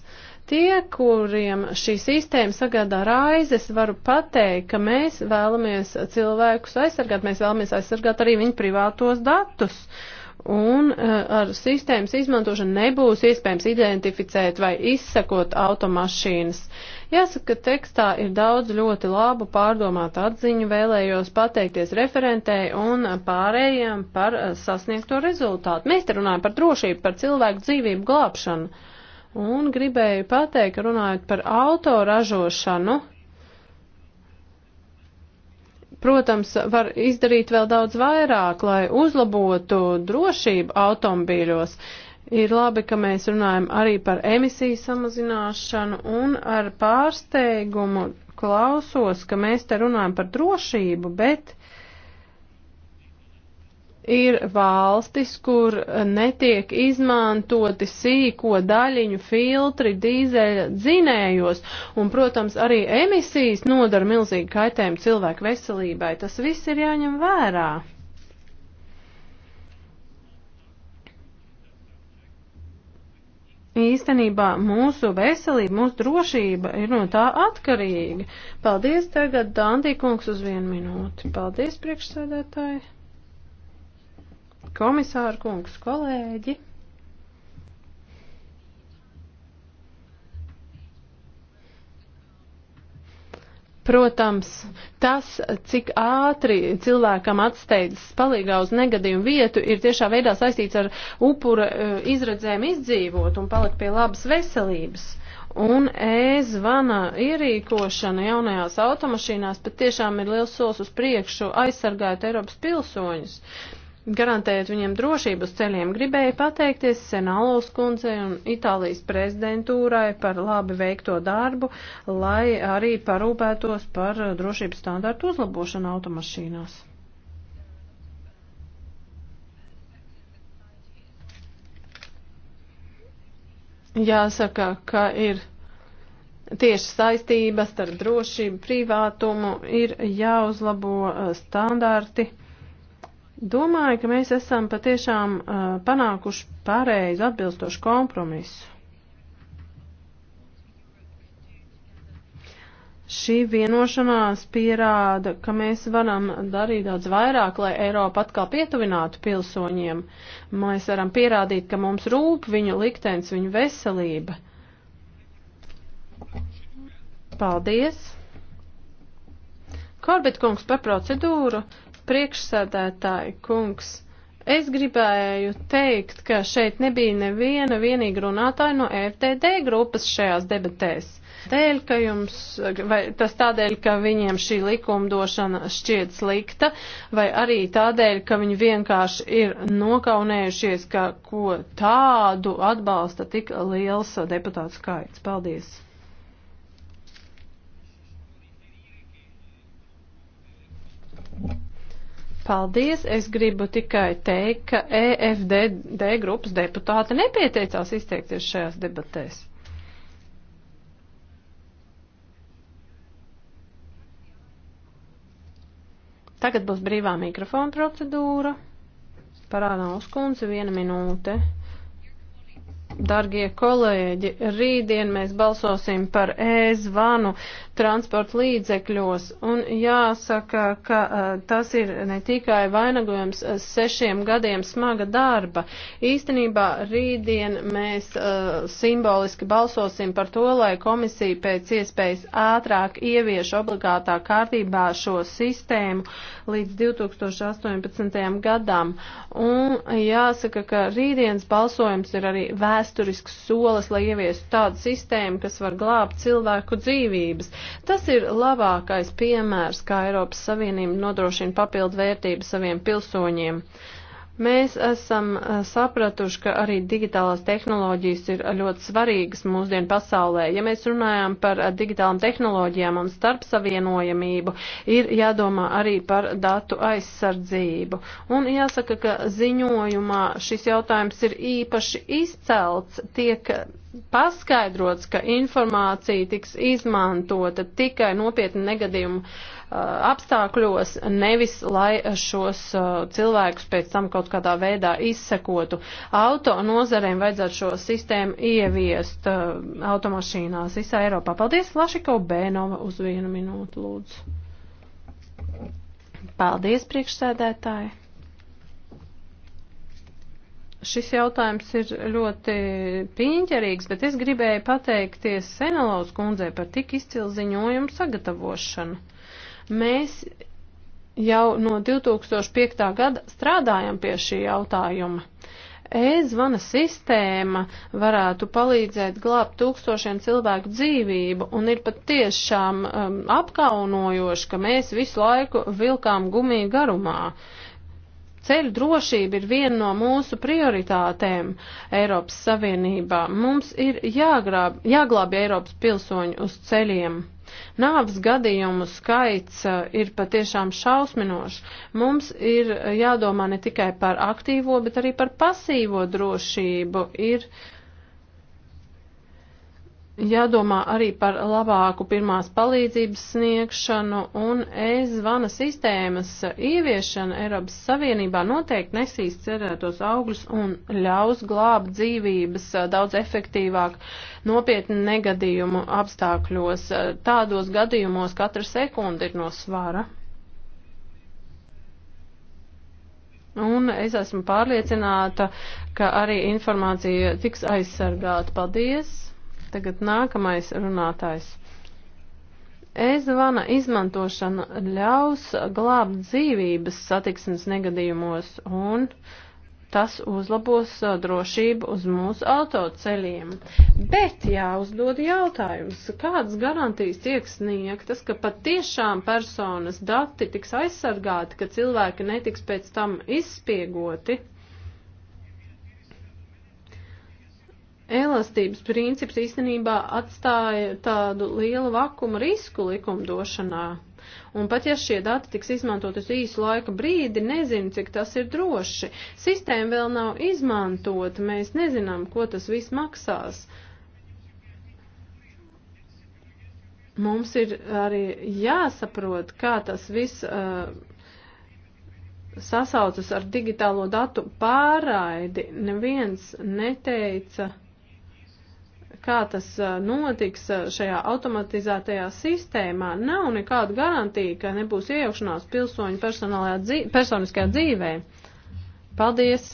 Tie, kuriem šī sistēma sagādā raizes, varu pateikt, ka mēs vēlamies cilvēkus aizsargāt, mēs vēlamies aizsargāt arī viņu privātos datus. Uh, un eh, ar sistēmas izmantošanu nebūs iespējams identificēt vai izsakot automašīnas. Jāsaka, ka tekstā ir daudz ļoti labu pārdomātu atziņu, vēlējos pateikties referentei un pārējiem par eh, sasniegto rezultātu. Mēs te runājam par drošību, par cilvēku dzīvību glābšanu. Un gribēju pateikt, runājot par autoražošanu, protams, var izdarīt vēl daudz vairāk, lai uzlabotu drošību automobīļos. Ir labi, ka mēs runājam arī par emisiju samazināšanu un ar pārsteigumu klausos, ka mēs te runājam par drošību, bet ir valstis, kur netiek izmantoti sīko daļiņu filtri dīzeļa dzinējos, un, protams, arī emisijas nodara milzīgi kaitējumu cilvēku veselībai. Tas viss ir jāņem vērā. Īstenībā mūsu veselība, mūsu drošība ir no tā atkarīga. Paldies tagad, Dandī kungs, uz vienu minūti. Paldies, priekšsēdētāji! Komisāra kungs, kolēģi. Protams, tas, cik ātri cilvēkam atsteidzas palīgā uz negadījumu vietu, ir tiešā veidā saistīts ar upura e, izredzēm izdzīvot un palikt pie labas veselības. Un e-zvana ierīkošana jaunajās automašīnās patiešām ir liels solis uz priekšu, aizsargājot Eiropas pilsoņus. Uh, garantējot viņiem drošību uz ceļiem, gribēju pateikties Senālos kundzei un Itālijas prezidentūrai par labi veikto darbu, lai arī parūpētos par drošības standārtu uzlabošanu automašīnās. Jāsaka, ka ir tieši saistības starp drošību, privātumu, ir jāuzlabo eh, standārti Domāju, ka mēs esam patiešām uh, panākuši pareizi atbilstošu kompromisu. Šī vienošanās pierāda, ka mēs varam darīt daudz vairāk, lai Eiropu atkal pietuvinātu pilsoņiem. Mēs varam pierādīt, ka mums rūp viņu liktenis, viņu veselība. Paldies! Korbit kungs par procedūru. Priekšsēdētāji, kungs, es gribēju teikt, ka šeit nebija neviena vienīga runātāja no FTD grupas šajās debatēs. Tēļ, ka jums, vai tas tādēļ, ka viņiem šī likumdošana šķiet slikta, vai arī tādēļ, ka viņi vienkārši ir nokaunējušies, ka ko tādu atbalsta tik liels deputāts skaits. Paldies! Thank you. Paldies! Es gribu tikai teikt, ka EFDD grupas deputāti nepieteicās izteikties šajās debatēs. Tagad būs brīvā mikrofona procedūra. Parādā uzkundze viena minūte. Dargie kolēģi, rītdien mēs balsosim par e-zvanu transporta līdzekļos, un jāsaka, ka e, tas ir ne tikai vainagojums e, sešiem gadiem smaga darba. Īstenībā rītdien mēs uh, simboliski balsosim par to, lai komisija pēc iespējas ātrāk ievieš obligātā kārtībā šo sistēmu līdz 2018. gadam. Un jāsaka, ka rītdienas balsojums ir arī vēsturiski vēsturisks solis, lai ieviestu tādu sistēmu, kas var glābt cilvēku dzīvības. Tas ir labākais piemērs, kā Eiropas Savienība nodrošina papildu vērtību saviem pilsoņiem. Uh, Mēs esam eh, sapratuši, ka arī digitālās tehnoloģijas ir ļoti svarīgas mūsdienu pasaulē. Ja mēs runājam par eh, digitālām tehnoloģijām un starpsavienojamību, ir jādomā arī par datu aizsardzību. Un jāsaka, ka ziņojumā šis jautājums ir īpaši izcelts, tiek paskaidrots, ka informācija tiks izmantota tikai nopietni negadījumu Uh, apstākļos, nevis lai šos uh, cilvēkus pēc tam kaut kādā veidā izsekotu. Auto nozarēm vajadzētu šo sistēmu ieviest uh, automašīnās visā Eiropā. Paldies, Lašiko Bēnova, uz vienu minūtu lūdzu. Paldies, priekšsēdētāji! šis jautājums ir ļoti piņķerīgs, bet es gribēju pateikties Senelovas kundzei par tik izcilu ziņojumu sagatavošanu. Mēs jau no 2005. gada strādājam pie šī jautājuma. E-zvana sistēma varētu palīdzēt glābt tūkstošiem cilvēku dzīvību, un ir pat tiešām um, apkaunojoši, ka mēs visu laiku vilkām gumiju garumā. Ceļu drošība ir viena no mūsu prioritātēm Eiropas Savienībā. Mums ir jāgrāb, jāglābj Eiropas pilsoņi uz ceļiem. Nāvas gadījumu skaits eh, ir patiešām šausminošs. Mums ir eh, jādomā ne tikai par aktīvo, bet arī par pasīvo drošību. Ir, uh, jādomā arī par labāku pirmās palīdzības sniegšanu un e-zvana sistēmas ieviešana Eiropas Savienībā noteikti nesīs cerētos augļus un ļaus glābt dzīvības daudz efektīvāk nopietni negadījumu apstākļos. Tādos gadījumos katra sekunda ir no svara. Un es esmu pārliecināta, ka arī informācija tiks aizsargāta. Paldies! Tagad nākamais runātājs. E-zvana izmantošana ļaus glābt dzīvības satiksmes negadījumos un tas uzlabos uh, drošību uz mūsu autoceļiem. Bet jāuzdod jautājums, kādas garantijas tiek sniegtas, ka patiešām personas dati tiks aizsargāti, ka cilvēki netiks pēc tam izspiegoti? elastības princips īstenībā atstāja tādu lielu vakumu risku likumdošanā. Un pat ja šie dati tiks izmantot uz īsu laika brīdi, nezinu, cik tas ir droši. Sistēma vēl nav izmantota, mēs nezinām, ko tas viss maksās. Mums ir arī jāsaprot, kā tas viss. Uh, sasaucas ar digitālo datu pārraidi, neviens neteica, kā tas notiks šajā automatizētajā sistēmā, nav nekāda garantija, ka nebūs iejaukšanās pilsoņu dzīv personiskajā dzīvē. Paldies,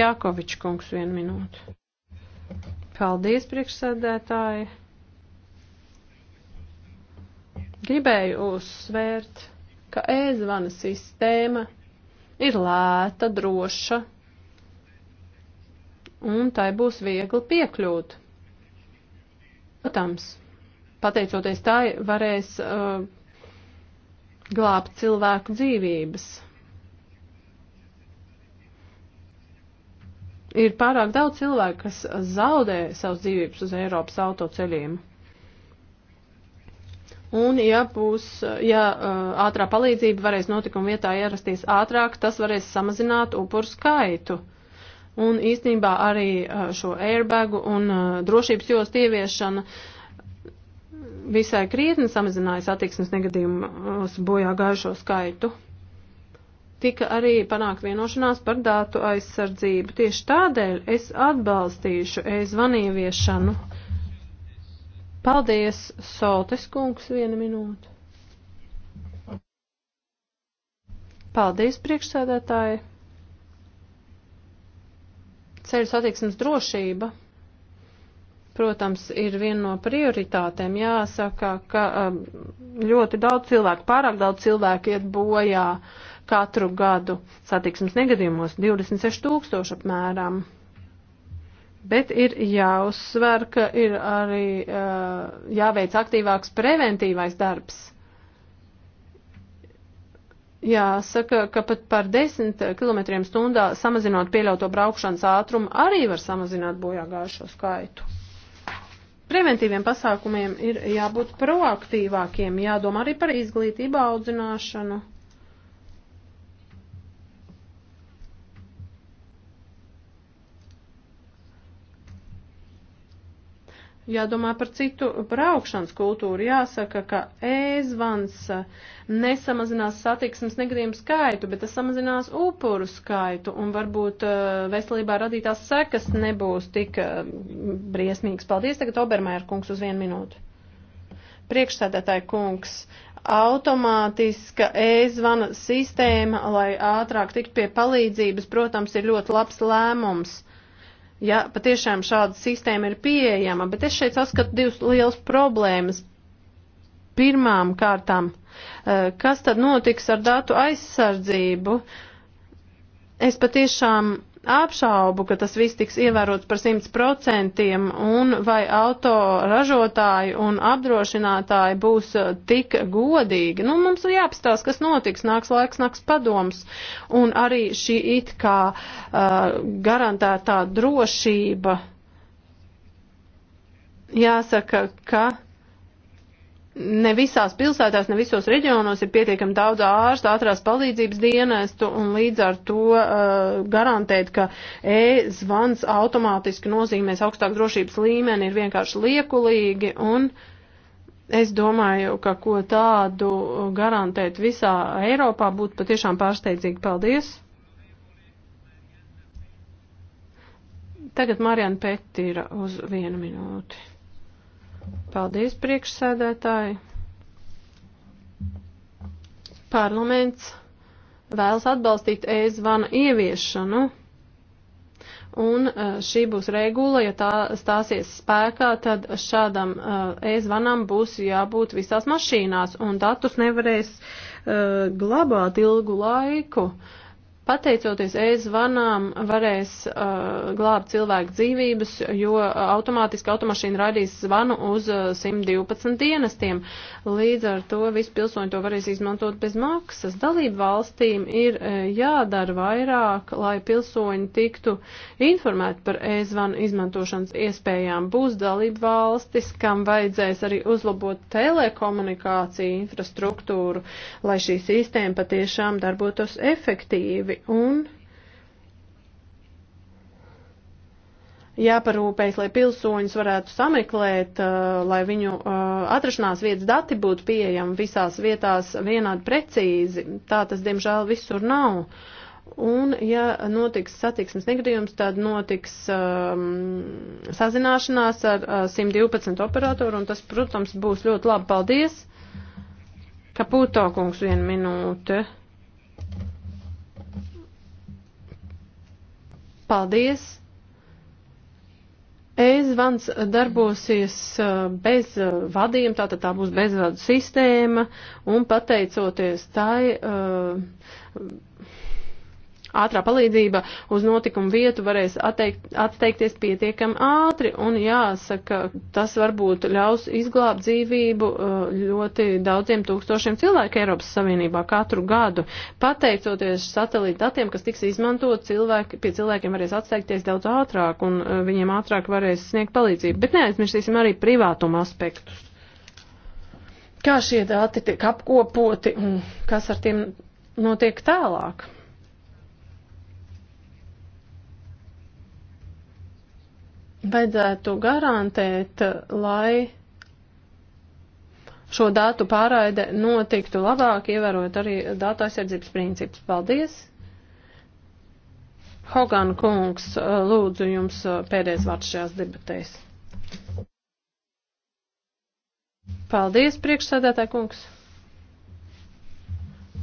Jākovičs kungs, vienu minūtu. Paldies, priekšsēdētāji. Gribēju uzsvērt, ka ēzvana sistēma ir lēta, droša, un tai būs viegli piekļūt. Protams, pateicoties tai, varēs uh, glābt cilvēku dzīvības. Ir pārāk daudz cilvēku, kas zaudē savas dzīvības uz Eiropas autoceļiem. Un, ja būs, ja uh, ātrā palīdzība varēs notikuma vietā ierasties ātrāk, tas varēs samazināt upuru skaitu. Uh, Un īstenībā arī uh, šo airbagu un uh, drošības jostu ieviešana visai krietni samazināja satiksmes negadījumus bojā gājušo skaitu tika arī panākt vienošanās par dātu aizsardzību. Tieši tādēļ es atbalstīšu e-zvanīviešanu. Paldies, Soltes kungs, viena minūte. Paldies, priekšsēdētāji. Ceļu satiksmes drošība, protams, ir viena no prioritātēm. Jāsaka, ka um, ļoti daudz cilvēku, pārāk daudz cilvēku iet bojā katru gadu satiksmes negadījumos - 26 tūkstoši apmēram. Bet ir jāuzsver, ka ir arī uh, jāveic aktīvāks preventīvais darbs. Jāsaka, ka pat par 10 km stundā samazinot pieļauto braukšanas ātrumu arī var samazināt bojā gājušo skaitu. Preventīviem pasākumiem ir jābūt proaktīvākiem, jādomā arī par izglītību audzināšanu. jādomā par citu braukšanas kultūru. Jāsaka, ka e-zvans eh, nesamazinās satiksmes negadījumu skaitu, bet tas samazinās upuru skaitu un varbūt eh, veselībā radītās sekas nebūs tik eh, briesmīgas. Paldies, tagad Obermēra kungs uz vienu minūtu. Priekšsēdētāja kungs, automātiska e-zvana sistēma, lai ātrāk tikt pie palīdzības, protams, ir ļoti labs lēmums ja patiešām šāda sistēma ir pieejama, bet es šeit saskatu divas lielas problēmas. Pirmām kārtām, eh, kas tad notiks ar datu aizsardzību? Es patiešām apšaubu, ka tas viss tiks ievērots par 100% un vai auto ražotāji un apdrošinātāji būs eh, tik godīgi. Nu, mums ir jāapstās, kas notiks, nāks laiks, nāks padoms. Un arī šī it kā uh, garantētā drošība jāsaka, ka ne visās pilsētās, ne visos reģionos ir pietiekami daudz ārstu, ātrās palīdzības dienestu un līdz ar to uh, garantēt, ka e-zvans automātiski nozīmēs augstāku drošības līmeni ir vienkārši liekulīgi un es domāju, ka ko tādu garantēt visā Eiropā būtu patiešām pārsteidzīgi. Paldies! Tagad Marijana Peti ir uz vienu minūti. Paldies, priekšsēdētāji. Parlaments vēlas atbalstīt e-zvana ieviešanu. Un e, šī būs regula, ja tā stāsies spēkā, tad šādam e-zvanam būs jābūt visās mašīnās, un datus nevarēs e, glabāt ilgu laiku. Uh, Pateicoties e-zvanām, varēs uh, glābt cilvēku dzīvības, jo automātiski automašīna raidīs zvanu uz 112 uh, dienestiem. Līdz ar to visi pilsoņi to varēs izmantot bez maksas. Dalību valstīm ir uh, jādara vairāk, lai pilsoņi tiktu informēti par e-zvanu izmantošanas iespējām. Būs dalību valstis, kam vajadzēs arī uzlabot telekomunikāciju infrastruktūru, lai šī sistēma patiešām darbotos efektīvi un jāparūpējas, lai pilsoņus varētu sameklēt, uh, lai viņu uh, atrašanās vietas dati būtu pieejami visās vietās vienādi precīzi. Tā tas, diemžēl, visur nav. Un, ja notiks satiksmes negadījums, tad notiks um, sazināšanās ar uh, 112 operatoru, un tas, protams, būs ļoti labi. Paldies! Kaputo kungs, viena minūte. Paldies! E-zvans darbosies uh, bez uh, vadiem, tātad tā būs bezvadu sistēma, un pateicoties tai. Uh, ātrā palīdzība uz notikumu vietu varēs atteikt, atteikties pietiekami ātri, un jāsaka, tas varbūt ļaus izglābt dzīvību uh, ļoti daudziem tūkstošiem cilvēku Eiropas Savienībā katru gadu. Pateicoties satelīta datiem, kas tiks izmantot, cilvēki, pie cilvēkiem varēs atteikties daudz ātrāk, un uh, viņiem ātrāk varēs sniegt palīdzību. Bet neaizmirsīsim arī privātuma aspektus. Kā šie dati tiek apkopoti un kas ar tiem notiek tālāk? vajadzētu garantēt, lai šo datu pārraide notiktu labāk, ievērot arī datu aizsardzības principus. Paldies! Hogan kungs, lūdzu jums pēdējais vārds šajās debatēs. Paldies, priekšsēdētāj kungs!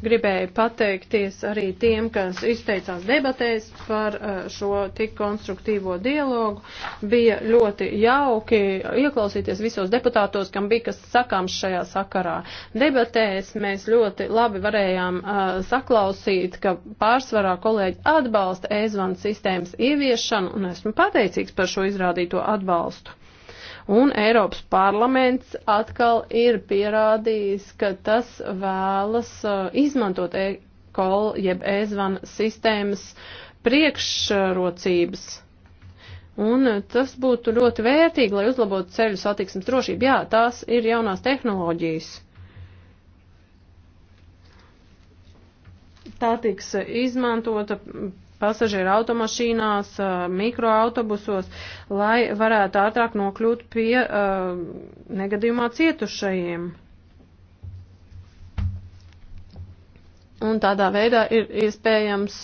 gribēju pateikties arī tiem, kas izteicās debatēs par uh, šo tik konstruktīvo dialogu. Bija ļoti jauki ieklausīties visos deputātos, kam bija kas sakāms šajā sakarā. Debatēs mēs ļoti labi varējām uh, saklausīt, ka pārsvarā kolēģi atbalsta e-zvanu sistēmas ieviešanu, un esmu pateicīgs par šo izrādīto atbalstu. Un Eiropas parlaments atkal ir pierādījis, ka tas vēlas uh, izmantot e-call jeb e-zvana sistēmas priekšrocības. Un uh, tas būtu ļoti vērtīgi, lai uzlabotu ceļu satiksmes drošību. Jā, tās ir jaunās tehnoloģijas. Tā tiks izmantota pasažieru automašīnās, mikroautobusos, lai varētu ātrāk nokļūt pie uh, negadījumā cietušajiem. Un tādā veidā ir iespējams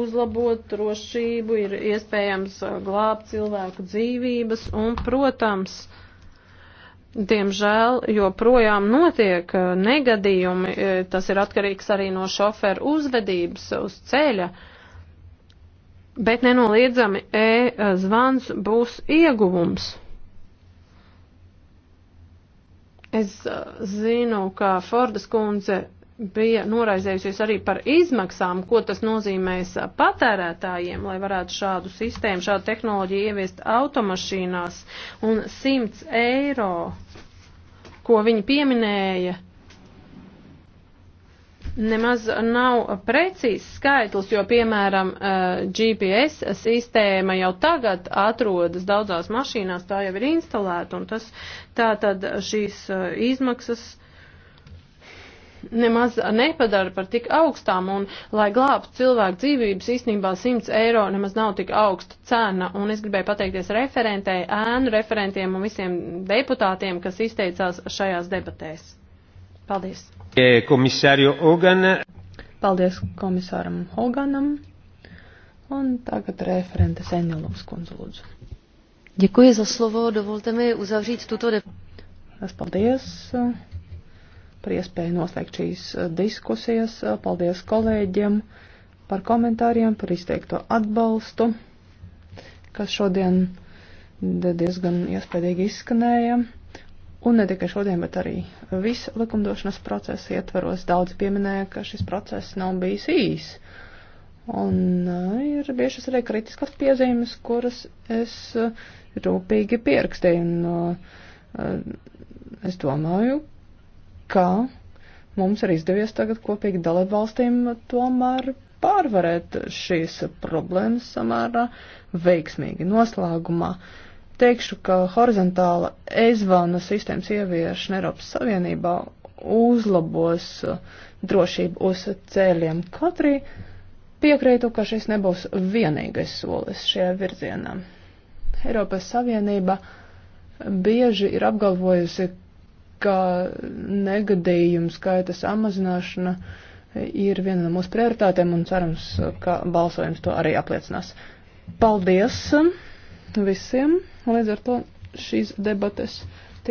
uzlabot drošību, ir iespējams glābt cilvēku dzīvības un, protams, diemžēl joprojām notiek negadījumi. Tas ir atkarīgs arī no šoferu uzvedības uz ceļa. Uh, Bet nenoliedzami e-zvans būs ieguvums. Es e, zinu, ka Fordas kundze bija noraizējusies arī par izmaksām, ko tas nozīmēs patērētājiem, lai varētu šādu sistēmu, šādu tehnoloģiju ieviest automašīnās. Un 100 eiro, ko viņi pieminēja, nemaz nav precīzs skaitlis, jo, piemēram, eh, GPS sistēma jau tagad atrodas daudzās mašīnās, tā jau ir instalēta, un tas tā tad šīs eh, izmaksas nemaz nepadara par tik augstām, un, lai glābtu cilvēku dzīvības, īstenībā 100 eiro nemaz nav tik augsta cena, un es gribēju pateikties referentei, ēnu referentiem un visiem deputātiem, kas izteicās šajās debatēs. Paldies. E, Komisāru Hogan. Paldies komisāram Hoganam. Un tagad referente Senilovs kundze lūdzu. Děkuji za slovo, dovolte mi uzavřít tuto debatu. Paldies par iespēju noslēgt šīs diskusijas. Paldies kolēģiem par komentāriem, par izteikto atbalstu, kas šodien diezgan iespējīgi izskanēja. Un ne tikai šodien, bet arī visu likumdošanas procesu ietvaros daudz pieminēja, ka šis process nav bijis īs. Un uh, ir biežas arī kritiskas piezīmes, kuras es uh, rūpīgi pierakstīju. Un uh, uh, es domāju, ka mums ir izdevies tagad kopīgi dalībvalstīm tomēr pārvarēt šīs problēmas samērā veiksmīgi noslēgumā. Uh, teikšu, ka horizontāla e-zvana sistēmas ieviešana Eiropas Savienībā uzlabos uh, drošību uz ceļiem. Katrī piekrītu, ka šis nebūs vienīgais solis šajā virzienā. Eiropas Savienība bieži ir apgalvojusi, ka negadījumu skaita samazināšana ir viena no mūsu prioritātēm un cerams, ka balsojums to arī apliecinās. Paldies! visiem. Līdz ar to šīs debates.